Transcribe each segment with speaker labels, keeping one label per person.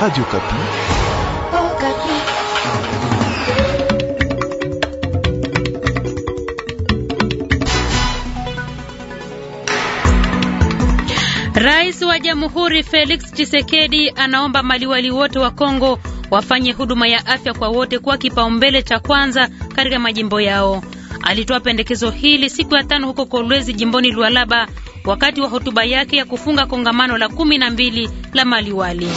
Speaker 1: Radio Kapi.
Speaker 2: Oh, Kapi. Rais wa Jamhuri Felix Tshisekedi anaomba maliwali wote wa Kongo wafanye huduma ya afya kwa wote kwa kipaumbele cha kwanza katika majimbo yao. Alitoa pendekezo hili siku ya tano huko Kolwezi jimboni Lualaba wakati wa hotuba yake ya kufunga kongamano la kumi na mbili la maliwali.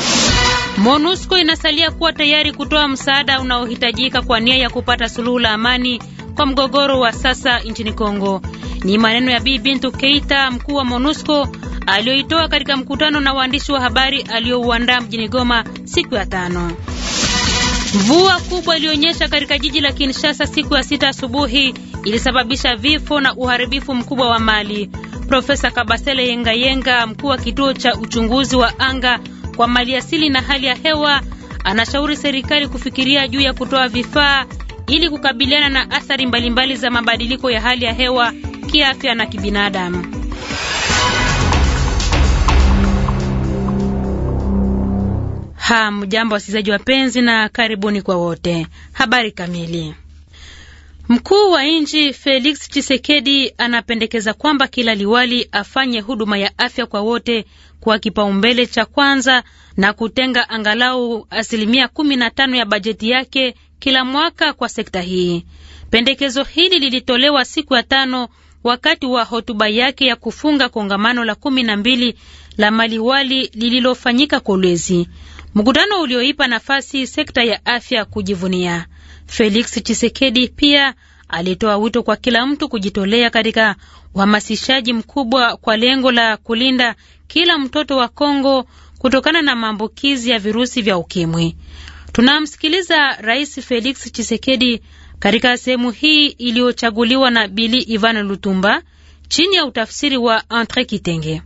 Speaker 2: MONUSCO inasalia kuwa tayari kutoa msaada unaohitajika kwa nia ya kupata suluhu la amani kwa mgogoro wa sasa nchini Kongo. Ni maneno ya Bi Bintu Keita, mkuu wa MONUSCO aliyoitoa katika mkutano na waandishi wa habari aliyouandaa mjini Goma siku ya tano. Mvua kubwa ilionyesha katika jiji la Kinshasa siku ya sita asubuhi ilisababisha vifo na uharibifu mkubwa wa mali. Profesa Kabasele Yengayenga, mkuu wa kituo cha uchunguzi wa anga kwa maliasili na hali ya hewa, anashauri serikali kufikiria juu ya kutoa vifaa ili kukabiliana na athari mbalimbali za mabadiliko ya hali ya hewa kiafya na kibinadamu. Hamjambo wasikilizaji wapenzi, na karibuni kwa wote. Habari kamili Mkuu wa nchi Felix chisekedi anapendekeza kwamba kila liwali afanye huduma ya afya kwa wote kwa kipaumbele cha kwanza na kutenga angalau asilimia kumi na tano ya bajeti yake kila mwaka kwa sekta hii. Pendekezo hili lilitolewa siku ya tano wakati wa hotuba yake ya kufunga kongamano la kumi na mbili la maliwali lililofanyika Kolwezi, mkutano ulioipa nafasi sekta ya afya kujivunia. Felix Chisekedi pia alitoa wito kwa kila mtu kujitolea katika uhamasishaji mkubwa kwa lengo la kulinda kila mtoto wa Kongo kutokana na maambukizi ya virusi vya ukimwi. Tunamsikiliza Rais Felix Chisekedi katika sehemu hii iliyochaguliwa na Bili Ivan Lutumba chini ya utafsiri wa Andre Kitenge.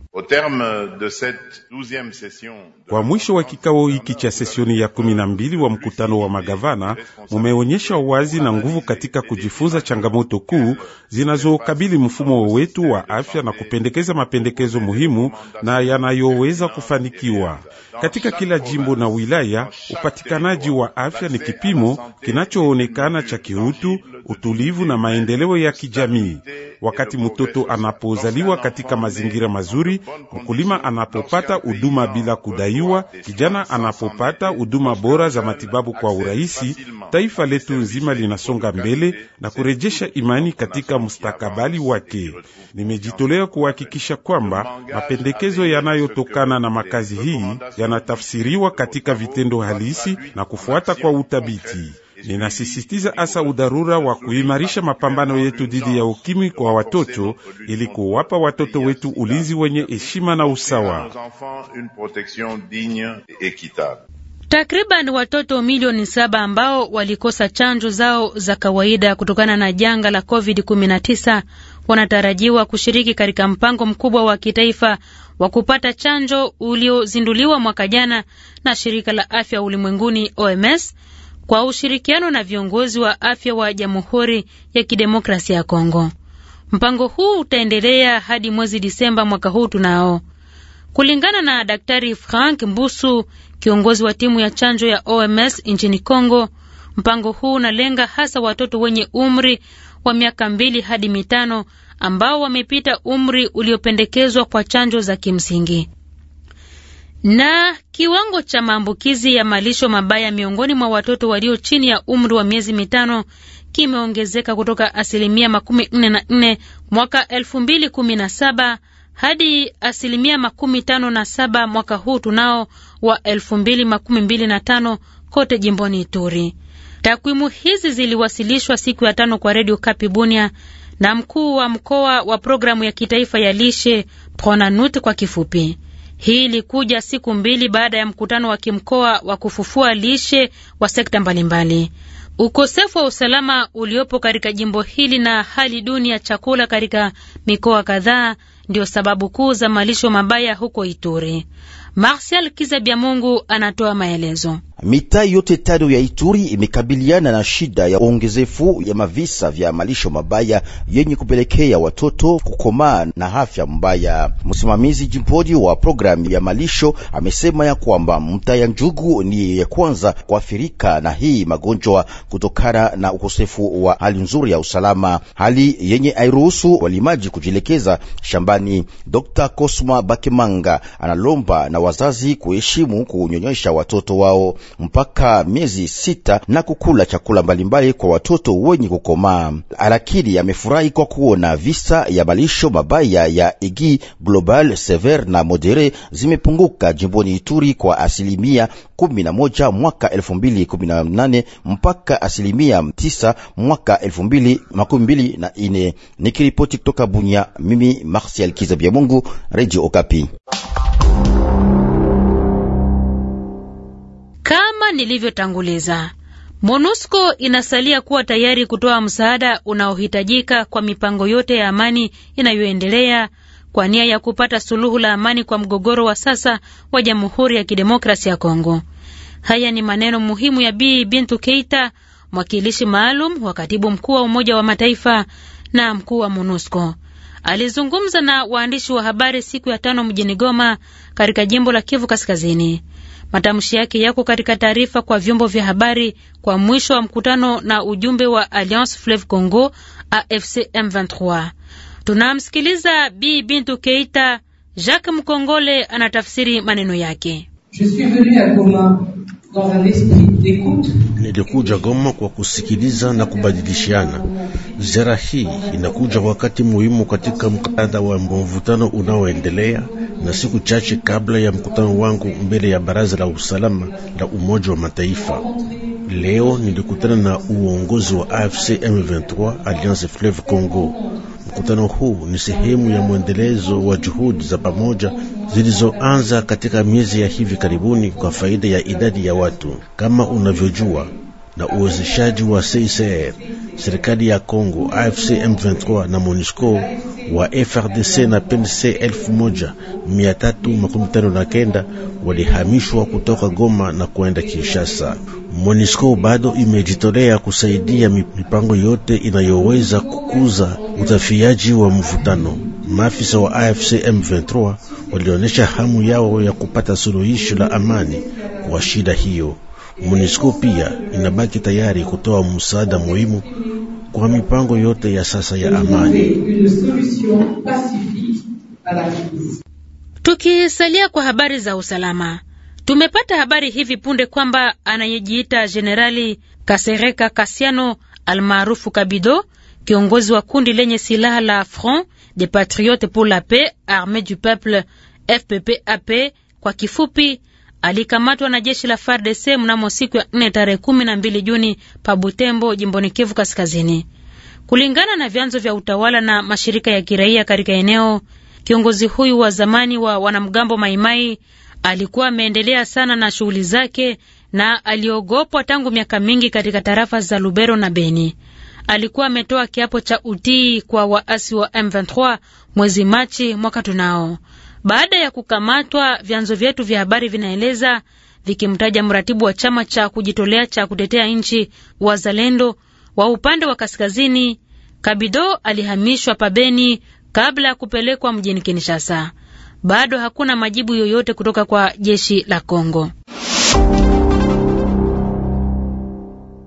Speaker 3: Kwa mwisho wa kikao hiki cha sesioni ya kumi na mbili wa mkutano wa magavana, mumeonyesha wazi na nguvu katika kujifunza changamoto kuu zinazokabili mfumo wetu wa afya na kupendekeza mapendekezo muhimu na yanayoweza kufanikiwa katika kila jimbo na wilaya. Upatikanaji wa afya ni kipimo kinachoonekana cha kiutu, utulivu na maendeleo ya kijamii wakati mtoto anapozaliwa katika mazingira mazuri, mkulima anapopata huduma bila kudaiwa, kijana anapopata huduma bora za matibabu kwa urahisi, taifa letu nzima linasonga mbele na kurejesha imani katika mustakabali wake. Nimejitolea kuhakikisha kwamba mapendekezo yanayotokana na makazi hii yanatafsiriwa katika vitendo halisi na kufuata kwa utabiti. Ninasisitiza hasa udharura wa kuimarisha mapambano yetu dhidi ya ukimwi kwa watoto ili kuwapa watoto wetu ulinzi wenye heshima na usawa.
Speaker 2: Takriban watoto milioni saba ambao walikosa chanjo zao za kawaida kutokana na janga la COVID-19 wanatarajiwa kushiriki katika mpango mkubwa wa kitaifa wa kupata chanjo uliozinduliwa mwaka jana na shirika la afya ulimwenguni OMS kwa ushirikiano na viongozi wa afya wa Jamhuri ya Kidemokrasia ya Kongo. Mpango huu utaendelea hadi mwezi Disemba mwaka huu tunao. Kulingana na Daktari Frank Mbusu, kiongozi wa timu ya chanjo ya OMS nchini Kongo, mpango huu unalenga hasa watoto wenye umri wa miaka mbili hadi mitano ambao wamepita umri uliopendekezwa kwa chanjo za kimsingi na kiwango cha maambukizi ya malisho mabaya miongoni mwa watoto walio chini ya umri wa miezi mitano kimeongezeka kutoka asilimia makumi nne na nne mwaka elfu mbili kumi na saba hadi asilimia makumi tano na saba mwaka huu tunao wa elfu mbili makumi mbili na tano kote jimboni Ituri. Takwimu hizi ziliwasilishwa siku ya tano kwa redio bunia na mkuu wa mkoa wa programu ya kitaifa ya lishe Pronanut kwa kifupi. Hii ilikuja siku mbili baada ya mkutano wa kimkoa wa kufufua lishe wa sekta mbalimbali. Ukosefu wa usalama uliopo katika jimbo hili na hali duni ya chakula katika mikoa kadhaa ndio sababu kuu za malisho mabaya huko Ituri. Marsial kizabiamungu anatoa maelezo.
Speaker 4: Mitaa yote tano ya Ituri imekabiliana na shida ya ongezefu ya mavisa vya malisho mabaya yenye kupelekea watoto kukomaa na afya mbaya. Msimamizi jimpoji wa programu ya malisho amesema ya kwamba mtaa ya Njugu ni ya kwanza kuathirika na hii magonjwa kutokana na ukosefu wa hali nzuri ya usalama, hali yenye airuhusu walimaji kujielekeza shambani. Dr. Kosma Bakemanga analomba na wazazi kuheshimu kunyonyesha watoto wao mpaka miezi sita na kukula chakula mbalimbali kwa watoto wenye kukomaa. Lakini amefurahi kwa kuona visa ya malisho mabaya ya egi global sever na modere zimepunguka jimboni Ituri kwa asilimia 11 mwaka 2018 mpaka asilimia 9 mwaka 2024. Nikiripoti kutoka Bunya, mimi Martial Kizabia Mungu, Radio Okapi.
Speaker 2: nilivyotanguliza, MONUSCO inasalia kuwa tayari kutoa msaada unaohitajika kwa mipango yote ya amani inayoendelea kwa nia ya kupata suluhu la amani kwa mgogoro wa sasa wa Jamhuri ya Kidemokrasi ya Kongo. Haya ni maneno muhimu ya Bi Bintu Keita, mwakilishi maalum wa katibu mkuu wa Umoja wa Mataifa na mkuu wa MONUSCO alizungumza na waandishi wa habari siku ya tano mjini Goma katika jimbo la Kivu Kaskazini. Matamshi yake yako katika taarifa kwa vyombo vya habari kwa mwisho wa mkutano na ujumbe wa Alliance Fleuve Congo AFC M23. Tunamsikiliza Bi Bintu Keita. Jacques Mkongole anatafsiri maneno yake. Je
Speaker 5: suis venu à Goma
Speaker 1: Nilikuja Goma kwa kusikiliza na kubadilishana. Ziara hii inakuja wakati muhimu katika mkanda wa mvutano unaoendelea na siku chache kabla ya mkutano wangu mbele ya Baraza la Usalama la Umoja wa Mataifa. Leo nilikutana na uongozi wa AFC M23 Alliance Fleuve Congo. Mkutano huu ni sehemu ya mwendelezo wa juhudi za pamoja zilizoanza katika miezi ya hivi karibuni kwa faida ya idadi ya watu. Kama unavyojua, na uwezeshaji wa CICR, serikali ya Congo, AFC M23 na MONUSCO wa FRDC na PNC 1359 walihamishwa kutoka Goma na kuenda Kinshasa. MONUSCO bado imejitolea kusaidia mipango yote inayoweza kukuza utafiaji wa mvutano. Maafisa wa AFC M23 walionyesha hamu yao ya kupata suluhisho la amani kwa shida hiyo. MONUSCO pia inabaki tayari kutoa msaada muhimu kwa mipango yote ya sasa ya amani.
Speaker 2: Tukisalia kwa habari za usalama, tumepata habari hivi punde kwamba anayejiita Jenerali Kasereka Kasiano almaarufu Kabido, kiongozi wa kundi lenye silaha la Front des Patriotes pour la Paix Armee du Peuple FPPAP kwa kifupi alikamatwa na jeshi la FARDC mnamo siku ya nne tarehe mbili Juni pa Butembo, jimboni Kivu Kaskazini, kulingana na vyanzo vya utawala na mashirika ya kiraia katika eneo. Kiongozi huyu wa zamani wa wanamgambo Maimai alikuwa ameendelea sana na shughuli zake na aliogopwa tangu miaka mingi katika tarafa za Lubero na Beni. Alikuwa ametoa kiapo cha utii kwa waasi wa M23 mwezi Machi mwaka tunao baada ya kukamatwa, vyanzo vyetu vya habari vinaeleza vikimtaja mratibu wa chama cha kujitolea cha kutetea nchi Wazalendo wa upande wa kaskazini. Kabido alihamishwa Pabeni kabla ya kupelekwa mjini Kinshasa. Bado hakuna majibu yoyote kutoka kwa jeshi la Kongo.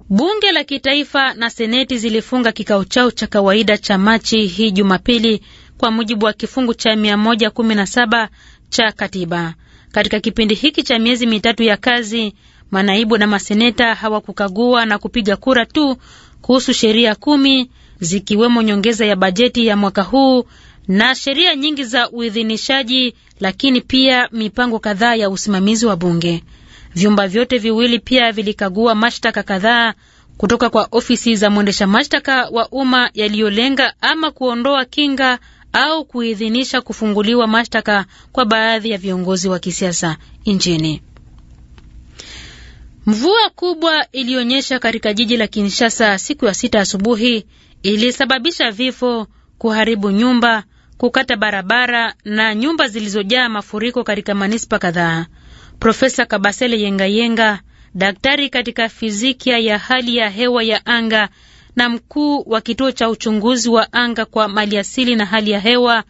Speaker 2: Bunge la kitaifa na seneti zilifunga kikao chao cha kawaida cha Machi hii Jumapili kwa mujibu wa kifungu cha 117 cha katiba. Katika kipindi hiki cha miezi mitatu ya kazi, manaibu na maseneta hawakukagua na kupiga kura tu kuhusu sheria kumi zikiwemo nyongeza ya bajeti ya mwaka huu na sheria nyingi za uidhinishaji, lakini pia mipango kadhaa ya usimamizi wa bunge. Vyumba vyote viwili pia vilikagua mashtaka kadhaa kutoka kwa ofisi za mwendesha mashtaka wa umma yaliyolenga ama kuondoa kinga au kuidhinisha kufunguliwa mashtaka kwa baadhi ya viongozi wa kisiasa nchini. Mvua kubwa iliyonyesha katika jiji la Kinshasa siku ya sita asubuhi ilisababisha vifo, kuharibu nyumba, kukata barabara na nyumba zilizojaa mafuriko katika manispa kadhaa. Profesa Kabasele Yengayenga, daktari katika fizikia ya hali ya hewa ya anga na mkuu wa kituo cha uchunguzi wa anga kwa maliasili na hali ya hewa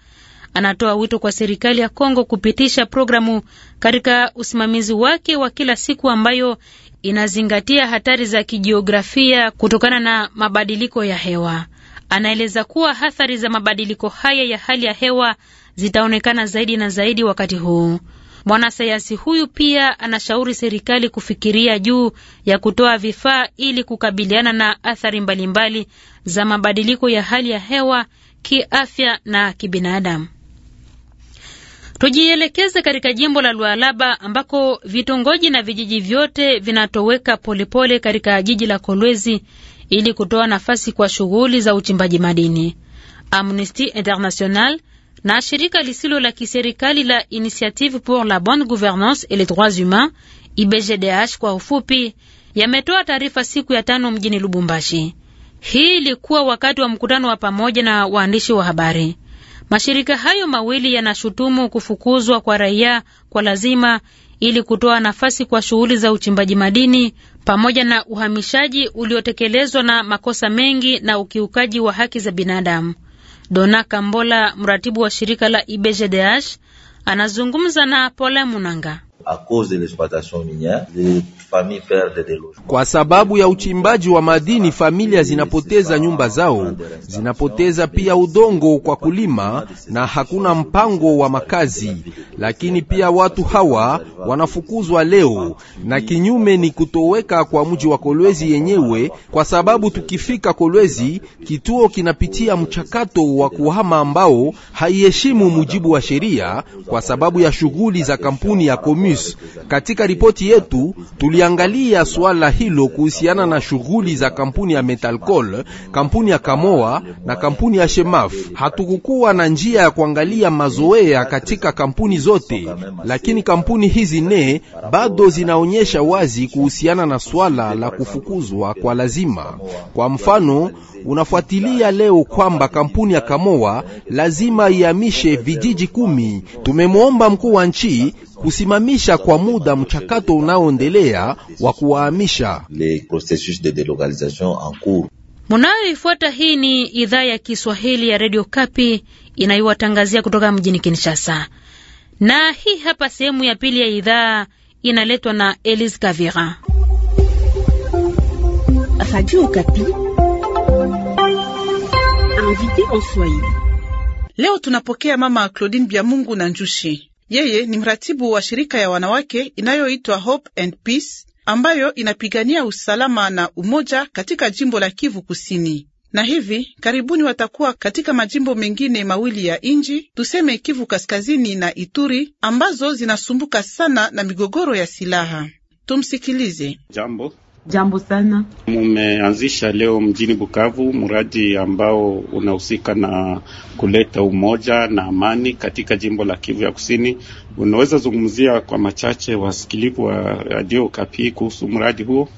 Speaker 2: anatoa wito kwa serikali ya Kongo kupitisha programu katika usimamizi wake wa kila siku ambayo inazingatia hatari za kijiografia kutokana na mabadiliko ya hewa. Anaeleza kuwa athari za mabadiliko haya ya hali ya hewa zitaonekana zaidi na zaidi wakati huu. Mwanasayansi huyu pia anashauri serikali kufikiria juu ya kutoa vifaa ili kukabiliana na athari mbalimbali za mabadiliko ya hali ya hewa kiafya na kibinadamu. Tujielekeze katika jimbo la Lualaba ambako vitongoji na vijiji vyote vinatoweka polepole katika jiji la Kolwezi ili kutoa nafasi kwa shughuli za uchimbaji madini. Amnesty International na shirika lisilo la kiserikali la Initiative pour la Bonne Gouvernance et les Droits Humains IBGDH kwa ufupi, yametoa taarifa siku ya tano mjini Lubumbashi. Hii ilikuwa wakati wa mkutano wa pamoja na waandishi wa habari. Mashirika hayo mawili yanashutumu kufukuzwa kwa raia kwa lazima ili kutoa nafasi kwa shughuli za uchimbaji madini pamoja na uhamishaji uliotekelezwa na makosa mengi na ukiukaji wa haki za binadamu. Dona Kambola, mratibu wa shirika la IBJDH, anazungumza na Pole Munanga
Speaker 4: à cause de l'exploitation
Speaker 6: minière, les familles perdent des logements. Kwa sababu ya uchimbaji wa madini, familia zinapoteza nyumba zao, zinapoteza pia udongo kwa kulima na hakuna mpango wa makazi. Lakini pia watu hawa wanafukuzwa leo, na kinyume ni kutoweka kwa mji wa Kolwezi yenyewe, kwa sababu tukifika Kolwezi, kituo kinapitia mchakato wa kuhama ambao haiheshimu mujibu wa sheria, kwa sababu ya shughuli za kampuni ya komu Monus. Katika ripoti yetu tuliangalia swala hilo kuhusiana na shughuli za kampuni ya Metalcol, kampuni ya Kamoa na kampuni ya Shemaf. Hatukukuwa na njia ya kuangalia mazoea katika kampuni zote, lakini kampuni hizi ne bado zinaonyesha wazi kuhusiana na swala la kufukuzwa kwa lazima. Kwa mfano, unafuatilia leo kwamba kampuni ya Kamoa lazima ihamishe vijiji kumi. Tumemwomba mkuu wa nchi kusimamisha kwa muda mchakato unaoendelea wa kuwahamisha.
Speaker 2: Munayoifuata hii ni idhaa ya Kiswahili ya Radio Kapi inayowatangazia kutoka mjini Kinshasa, na hii hapa sehemu ya pili ya idhaa inaletwa na Elise Gavira.
Speaker 5: Leo tunapokea mama Claudine Biamungu na Njushi yeye ni mratibu wa shirika ya wanawake inayoitwa Hope and Peace ambayo inapigania usalama na umoja katika jimbo la Kivu Kusini, na hivi karibuni watakuwa katika majimbo mengine mawili ya nchi, tuseme Kivu Kaskazini na Ituri ambazo zinasumbuka sana na migogoro ya silaha. Tumsikilize. Jambo, Jambo sana.
Speaker 7: Mumeanzisha leo mjini Bukavu mradi ambao unahusika na kuleta umoja na amani katika jimbo la Kivu ya Kusini. Unaweza zungumzia kwa machache wasikilivu wa Radio Kapi kuhusu mradi huo?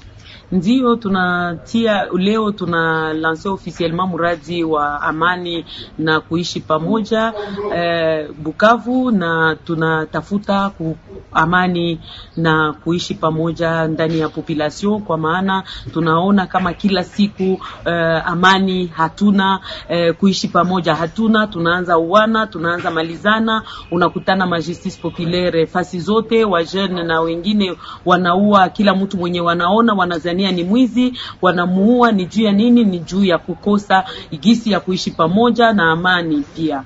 Speaker 8: ndio tunatia leo tuna lanse officiellement muradi wa amani na kuishi pamoja eh, Bukavu, na tunatafuta ku amani na kuishi pamoja ndani ya population, kwa maana tunaona kama kila siku eh, amani hatuna eh, kuishi pamoja hatuna, tunaanza uwana, tunaanza malizana, unakutana majustice populaire fasi zote, jeune na wengine wanaua kila mtu mwenye wanaona wanazania Tanzania ni mwizi, wanamuua. Ni juu ya nini? Ni juu ya kukosa gisi ya kuishi pamoja na amani pia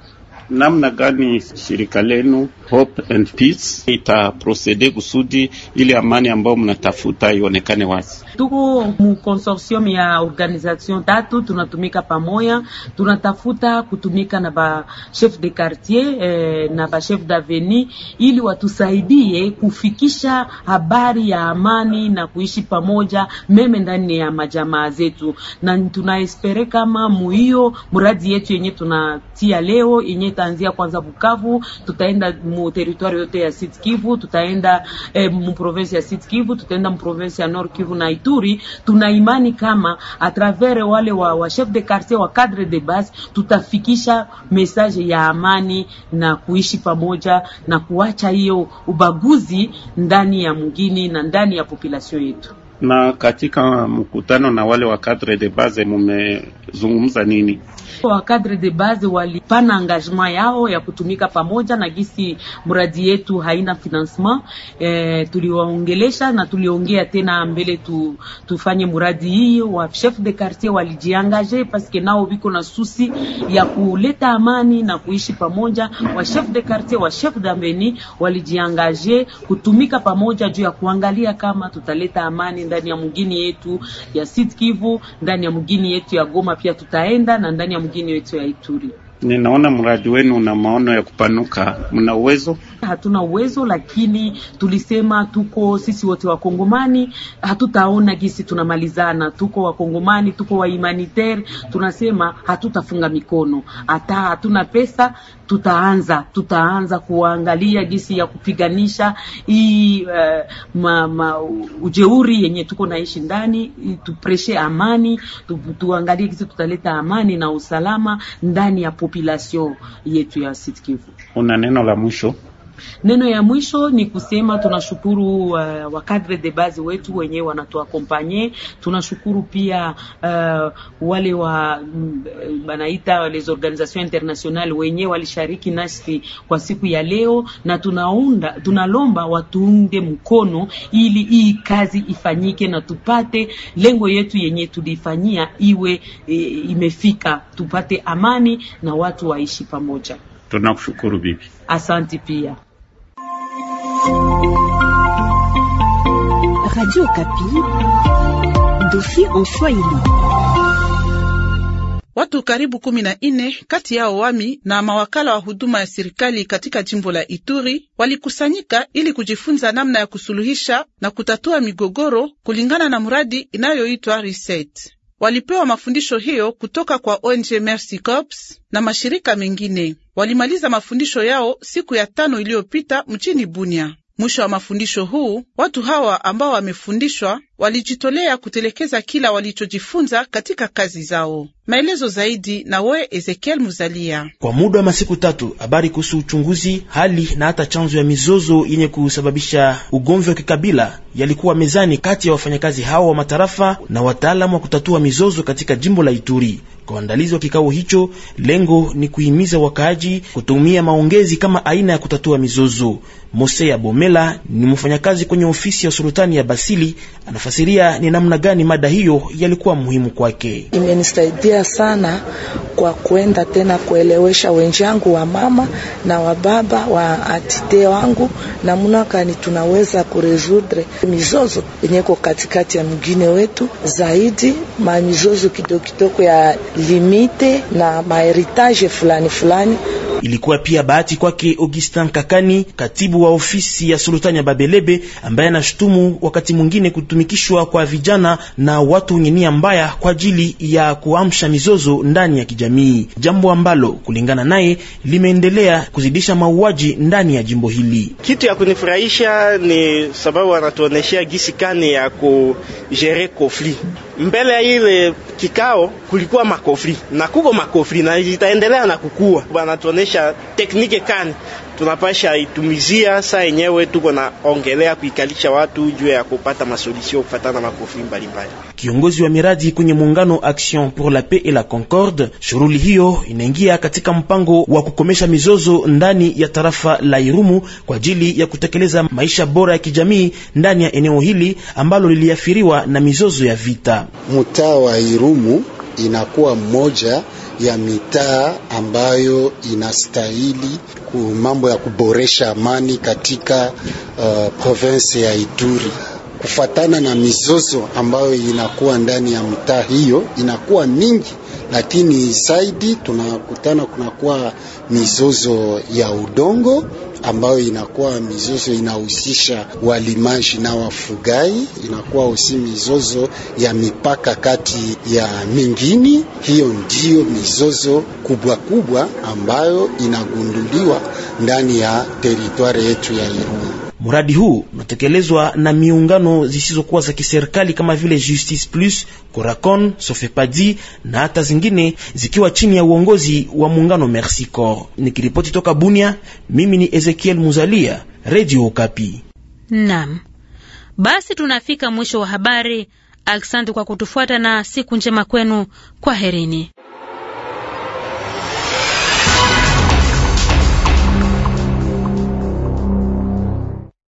Speaker 7: namna gani shirika lenu Hope and Peace itaprocede kusudi ile amani ambayo mnatafuta ionekane wazi?
Speaker 8: Tuko mu consortium ya organisation tatu tunatumika pamoja, tunatafuta kutumika na ba chef de quartier eh, na ba chef d'avenue ili watusaidie kufikisha habari ya amani na kuishi pamoja meme ndani ya majamaa zetu, na tunaespere kama muio muradi yetu yenye tunatia leo yenye tutaanzia kwanza Bukavu, tutaenda mu territoire yote ya Sud Kivu, tutaenda e, mu province ya Sud Kivu, tutaenda mu province ya Nord Kivu na Ituri. Tuna imani kama a travers wale wa, wa chef de quartier wa cadre de base tutafikisha message ya amani na kuishi pamoja na kuacha hiyo ubaguzi ndani ya mgini na ndani ya population yetu.
Speaker 7: Na katika mkutano na wale wa cadre de base mumezungumza nini?
Speaker 8: Wa cadre de base walipana engagement yao ya kutumika pamoja na gisi mradi yetu haina financement. E, eh, tuliwaongelesha na tuliongea tena mbele tu, tufanye mradi hii. Wa chef de quartier walijiangaje paske nao biko na susi ya kuleta amani na kuishi pamoja. Wa chef de quartier wa chef d'ambeni walijiangaje kutumika pamoja juu ya kuangalia kama tutaleta amani ndani ya mgini yetu ya Sud Kivu, ndani ya mgini yetu ya Goma pia tutaenda na ndani ya mgini yetu ya Ituri.
Speaker 7: Ninaona mradi wenu una maono ya kupanuka. Mna uwezo?
Speaker 8: Hatuna uwezo, lakini tulisema tuko sisi wote Wakongomani, hatutaona gisi tunamalizana. Tuko Wakongomani, tuko wa humanitaire, tunasema hatutafunga mikono, hata hatuna pesa, tutaanza tutaanza kuangalia gisi ya kupiganisha hii uh, ma, ma, ujeuri yenye tuko naishi ndani, tupreshe amani tu, tuangalie gisi tutaleta amani na usalama ndani ya population yetu ya Sud Kivu.
Speaker 7: Una neno la mwisho?
Speaker 8: Neno ya mwisho ni kusema tunashukuru uh, wakadre de base wetu wenyewe wanatuakompanye. Tunashukuru pia uh, wale wa mm, banaita les organisations internationales wenyewe walishariki nasi kwa siku ya leo, na tunaunda tunalomba watuunge mkono ili hii kazi ifanyike na tupate lengo yetu yenye tulifanyia iwe e, imefika, tupate amani na watu waishi pamoja.
Speaker 7: Tunakushukuru bibi,
Speaker 8: asante pia.
Speaker 5: Radio Okapi, en Swahili. Watu karibu kumi na nne kati yao wami na mawakala wa huduma ya serikali katika jimbo la Ituri walikusanyika ili kujifunza namna ya kusuluhisha na kutatua migogoro kulingana na mradi inayoitwa Reset. Walipewa mafundisho hiyo kutoka kwa ONG Mercy Corps na mashirika mengine. Walimaliza mafundisho yao siku ya tano iliyopita mchini Bunia. Mwisho wa mafundisho huu, watu hawa ambao wamefundishwa walijitolea kutelekeza kila walichojifunza katika kazi zao. Maelezo zaidi nawe Ezekiel Muzalia.
Speaker 9: Kwa muda wa masiku tatu, habari kuhusu uchunguzi, hali na hata chanzo ya mizozo yenye kusababisha ugomvi wa kikabila yalikuwa mezani kati ya wafanyakazi hao wa matarafa na wataalamu wa kutatua mizozo katika jimbo la Ituri. Kwa uandalizi wa kikao hicho, lengo ni kuhimiza wakaaji kutumia maongezi kama aina ya kutatua mizozo. Mosea Bomela ni mfanyakazi kwenye ofisi ya sultani ya Basili, anafanya anafasiria ni namna gani mada hiyo yalikuwa muhimu kwake.
Speaker 5: Imenisaidia sana kwa kuenda tena kuelewesha wenjangu wa mama
Speaker 8: na wa baba wa atite wangu namna gani tunaweza kurezudre mizozo yenyeko katikati ya mgine wetu, zaidi ma mizozo kidogo kidogo ya limite na maheritage fulani fulani
Speaker 9: Ilikuwa pia bahati kwake Augustin Kakani, katibu wa ofisi ya Sultani ya Babelebe, ambaye anashutumu wakati mwingine kutumikishwa kwa vijana na watu wenye nia mbaya kwa ajili ya kuamsha mizozo ndani ya kijamii, jambo ambalo kulingana naye limeendelea kuzidisha mauaji ndani ya jimbo hili. Kitu ya kunifurahisha ni sababu anatuoneshea gisi kani ya kujere kofli Mbele ya ile kikao kulikuwa makofli na kuko makofli na itaendelea na kukua, banatuonesha tunaonesha teknike kani tunapasha itumizia. Saa yenyewe tuko na ongelea kuikalisha watu juu ya kupata masolution kufatana na makofi mbalimbali. Kiongozi wa miradi kwenye muungano Action pour la Paix et la Concorde, shughuli hiyo inaingia katika mpango wa kukomesha mizozo ndani ya tarafa la Irumu kwa ajili ya kutekeleza maisha bora ya kijamii ndani ya eneo hili ambalo liliathiriwa na mizozo ya vita.
Speaker 1: Mtaa wa Irumu inakuwa mmoja ya mitaa ambayo inastahili ku mambo ya kuboresha amani katika uh, province ya Ituri kufatana na mizozo ambayo inakuwa ndani ya mtaa hiyo inakuwa mingi, lakini zaidi tunakutana kunakuwa mizozo ya udongo ambayo inakuwa mizozo inahusisha walimaji na wafugai, inakuwa usi mizozo ya mipaka kati ya mingini. Hiyo ndiyo mizozo kubwa kubwa ambayo inagunduliwa ndani ya teritwari yetu ya Irumu.
Speaker 9: Mradi huu unatekelezwa na miungano zisizokuwa za kiserikali kama vile Justice Plus, Coracon, Sofepadi na hata zingine zikiwa chini ya uongozi wa muungano Merci Corps. Nikiripoti toka Bunia, mimi ni Ezekiel Muzalia, Radio Okapi.
Speaker 2: Naam. Basi tunafika mwisho wa habari. Asante kwa kutufuata na siku njema kwenu. Kwaherini.